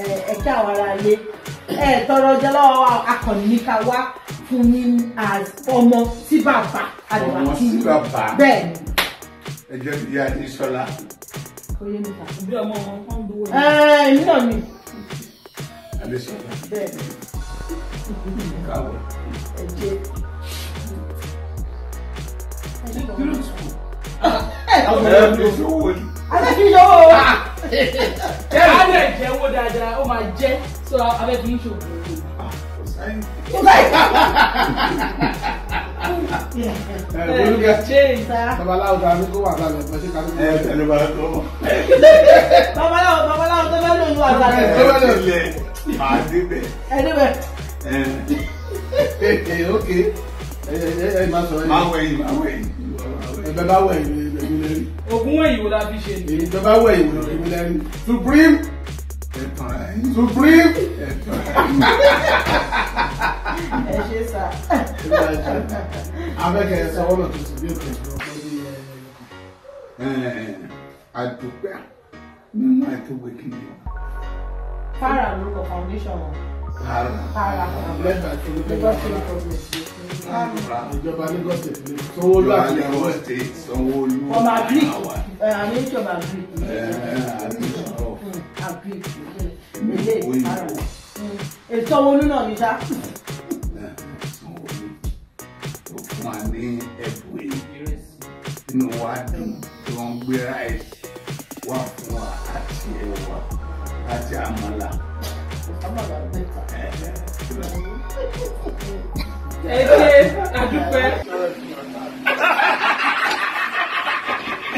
ẹ kí àwọn ará ilé ẹ tọrọ ọjọ́ lọ́wọ́ akọni ní ká wá fún yín ọmọ sí bàbá àdìbà tí yín bẹ́ẹ̀ ni. ẹ jẹ́ bí Adésọlá. oyè mi ta bí ọmọ wọn kàn ń dúró. ẹ èmi náà ni. Adésọlá. bẹ́ẹ̀ ni. káwọ. ẹ jẹ. Ah, ẹ jẹ kí ló tù. ẹ ẹ bí o ṣe wò ni. a ti fi yọ owó wa. Ah! ká lè jẹ́wọ́ dáadáa ó máa jẹ́ sọ abẹ́bí ń ṣòwò. Babaláwo ta ni wà lálẹ́ ọ̀pọ̀ ṣé ká ló ń bọ̀. Ẹnu bá tó. Babaláwo babaláwo tó bá lò ń wà lálẹ́. Tó bá lò lẹ̀, màá Ẹ débẹ̀. Ẹ ẹ ok. ẹ ẹ máa sọ ẹ. Máa wẹ̀yìn máa wẹ̀yìn. Ẹ bẹ bá wẹ̀yìn ogun wẹ̀yìn wo la fi ṣe. èyí wẹ̀yìn wo ló fi mi supreme ẹ̀tàn supreme ẹ̀tàn. ẹ ṣe sá. abẹ́kẹ̀ ẹ sọ tó sùn bí òkè ìfọwọ́ àdùpẹ́ nínú àìtó gbẹ̀kìnìyàn. fara ló kọ foundation wọn lẹ́tà ní bẹ́ẹ̀ ìjọba Sanwó-Olú àti Lagos state Sanwó-Olú ọmọ agric àmì ìjọba agric agric ilé ìpara Sanwó-Olú náà ní Sanwó-Olú ló fún wa ní ẹ̀bùn èyí inú wa dùn tí wọ́n gbé ráìsì wá fún wa àti ẹ̀wà àti àmàlà. àmàlà bẹ́ẹ̀ ẹ ṣe àdúpẹ́.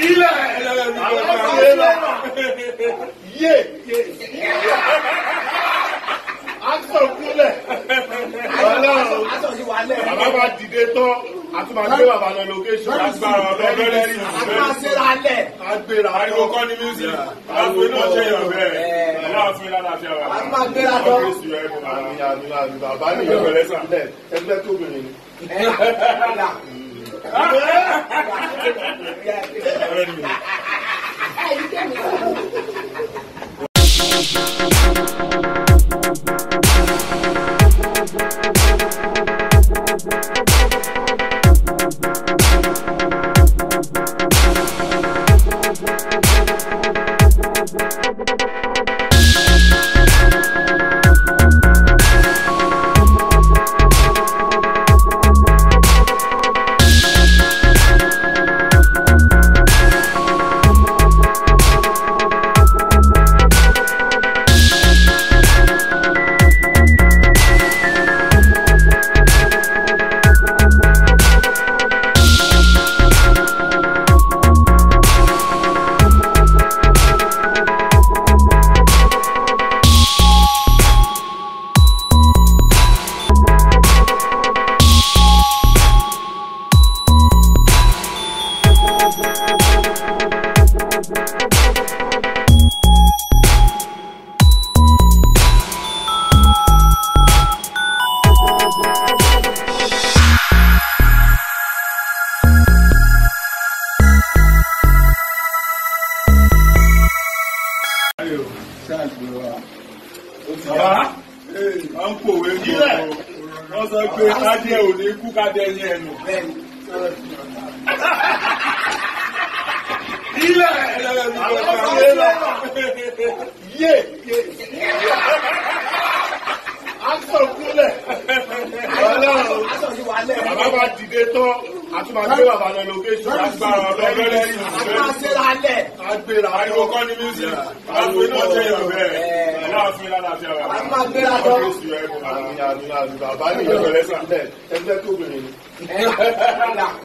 ilé ẹ̀rọ ìgbà yé yé akọ̀kúnlẹ̀ ọlọ́run bàbá bá dìde tán àtúmọ̀ àgbẹ̀ bàbá lọ lókèṣọ̀ agbára ọlọ́dún lẹ́yìn ìgbẹ́. àgbàṣẹ́ra lẹ̀. agbèrè àríwó kọ́ ní mísì. àgbo náà ṣe yàn bẹ́ẹ̀. aláàfin lálàáfíà wà. a máa gbéra lọ. àmì àmì àmì bàbá mi yóò bẹ̀rẹ̀ sàn. ẹgbẹ́ tó bèrè ni. Thank you. bàbá wọn ń pòwe ní ọ̀rọ̀ wọn sọ pé adìẹ ò ní kú ká dẹni ẹnu. ilẹ̀ yé akọ̀kúlẹ̀ bàbá bá dìde tán àtúmọ̀ àgbẹ̀ bàbá lọ lókèjì agbára ọlọ́run lẹ́yìn ìgbẹ́. àgbàṣẹ́lálẹ̀. àgbèrè àìwọ kọ́ ní mísì àgbè náà jẹ́ ìlú bẹ́ẹ̀ aláàfin lálàáfíà wà. a máa gbé lọ. àmì àmì àmì bàbá nìyẹn pẹ̀lẹ́sà. ẹ jẹ́ tóbi nìyẹn.